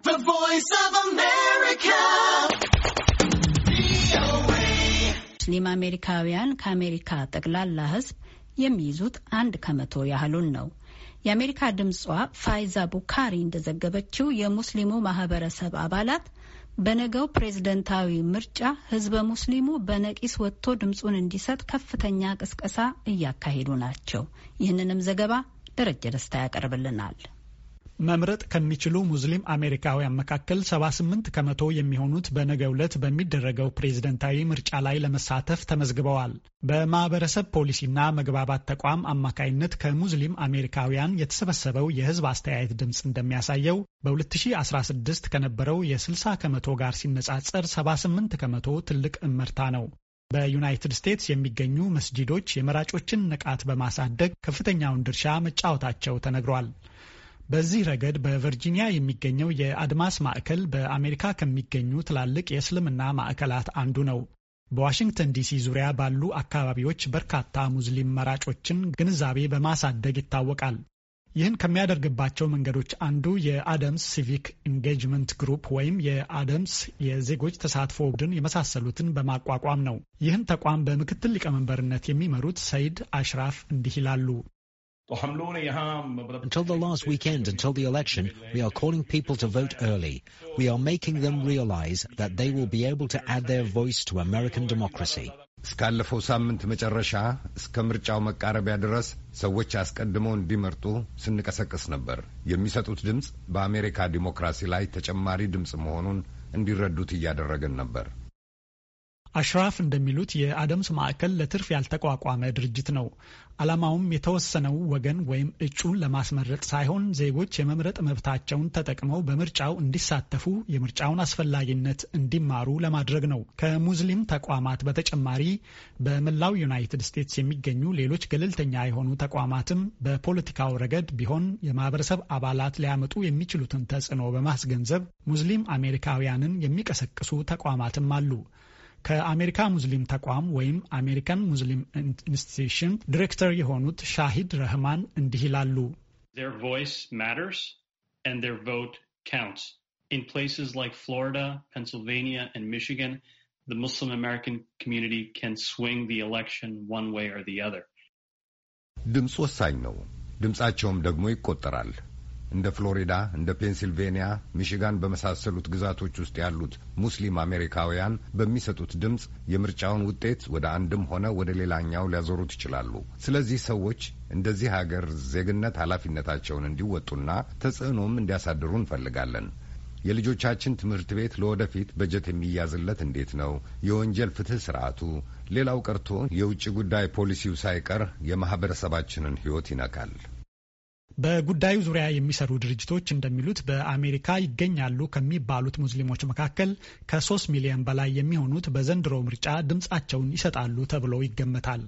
The Voice of America. ሙስሊም አሜሪካውያን ከአሜሪካ ጠቅላላ ሕዝብ የሚይዙት አንድ ከመቶ ያህሉን ነው። የአሜሪካ ድምጿ ፋይዛ ቡካሪ እንደዘገበችው የሙስሊሙ ማህበረሰብ አባላት በነገው ፕሬዝደንታዊ ምርጫ ህዝበ ሙስሊሙ በነቂስ ወጥቶ ድምፁን እንዲሰጥ ከፍተኛ ቅስቀሳ እያካሄዱ ናቸው። ይህንንም ዘገባ ደረጀ ደስታ ያቀርብልናል። መምረጥ ከሚችሉ ሙስሊም አሜሪካውያን መካከል 78 ከመቶ የሚሆኑት በነገ ዕለት በሚደረገው ፕሬዝደንታዊ ምርጫ ላይ ለመሳተፍ ተመዝግበዋል። በማህበረሰብ ፖሊሲና መግባባት ተቋም አማካይነት ከሙስሊም አሜሪካውያን የተሰበሰበው የህዝብ አስተያየት ድምፅ እንደሚያሳየው በ2016 ከነበረው የ60 ከመቶ ጋር ሲነጻጸር 78 ከመቶ ትልቅ እመርታ ነው። በዩናይትድ ስቴትስ የሚገኙ መስጂዶች የመራጮችን ንቃት በማሳደግ ከፍተኛውን ድርሻ መጫወታቸው ተነግሯል። በዚህ ረገድ በቨርጂኒያ የሚገኘው የአድማስ ማዕከል በአሜሪካ ከሚገኙ ትላልቅ የእስልምና ማዕከላት አንዱ ነው። በዋሽንግተን ዲሲ ዙሪያ ባሉ አካባቢዎች በርካታ ሙስሊም መራጮችን ግንዛቤ በማሳደግ ይታወቃል። ይህን ከሚያደርግባቸው መንገዶች አንዱ የአደምስ ሲቪክ ኢንጌጅመንት ግሩፕ ወይም የአደምስ የዜጎች ተሳትፎ ቡድን የመሳሰሉትን በማቋቋም ነው። ይህን ተቋም በምክትል ሊቀመንበርነት የሚመሩት ሰይድ አሽራፍ እንዲህ ይላሉ። Until the last weekend, until the election, we are calling people to vote early. We are making them realize that they will be able to add their voice to American democracy. እስካለፈው ሳምንት መጨረሻ እስከ ምርጫው መቃረቢያ ድረስ ሰዎች አስቀድመው እንዲመርጡ ስንቀሰቅስ ነበር። የሚሰጡት ድምፅ በአሜሪካ ዲሞክራሲ ላይ ተጨማሪ ድምፅ መሆኑን እንዲረዱት እያደረግን ነበር። አሽራፍ እንደሚሉት የአደምስ ማዕከል ለትርፍ ያልተቋቋመ ድርጅት ነው። ዓላማውም የተወሰነው ወገን ወይም እጩን ለማስመረጥ ሳይሆን ዜጎች የመምረጥ መብታቸውን ተጠቅመው በምርጫው እንዲሳተፉ፣ የምርጫውን አስፈላጊነት እንዲማሩ ለማድረግ ነው። ከሙስሊም ተቋማት በተጨማሪ በመላው ዩናይትድ ስቴትስ የሚገኙ ሌሎች ገለልተኛ የሆኑ ተቋማትም በፖለቲካው ረገድ ቢሆን የማህበረሰብ አባላት ሊያመጡ የሚችሉትን ተጽዕኖ በማስገንዘብ ሙስሊም አሜሪካውያንን የሚቀሰቅሱ ተቋማትም አሉ። Their voice matters and their vote counts. In places like Florida, Pennsylvania, and Michigan, the Muslim American community can swing the election one way or the other. ድምፅ ወሳኝ ነው። ድምፃቸውም ደግሞ እንደ ፍሎሪዳ፣ እንደ ፔንሲልቬንያ፣ ሚሽጋን በመሳሰሉት ግዛቶች ውስጥ ያሉት ሙስሊም አሜሪካውያን በሚሰጡት ድምፅ የምርጫውን ውጤት ወደ አንድም ሆነ ወደ ሌላኛው ሊያዞሩት ይችላሉ። ስለዚህ ሰዎች እንደዚህ ሀገር ዜግነት ኃላፊነታቸውን እንዲወጡና ተጽዕኖም እንዲያሳድሩ እንፈልጋለን። የልጆቻችን ትምህርት ቤት ለወደፊት በጀት የሚያዝለት እንዴት ነው? የወንጀል ፍትህ ስርዓቱ፣ ሌላው ቀርቶ የውጭ ጉዳይ ፖሊሲው ሳይቀር የማህበረሰባችንን ህይወት ይነካል። በጉዳዩ ዙሪያ የሚሰሩ ድርጅቶች እንደሚሉት በአሜሪካ ይገኛሉ ከሚባሉት ሙስሊሞች መካከል ከሶስት ሚሊዮን በላይ የሚሆኑት በዘንድሮ ምርጫ ድምፃቸውን ይሰጣሉ ተብሎ ይገመታል።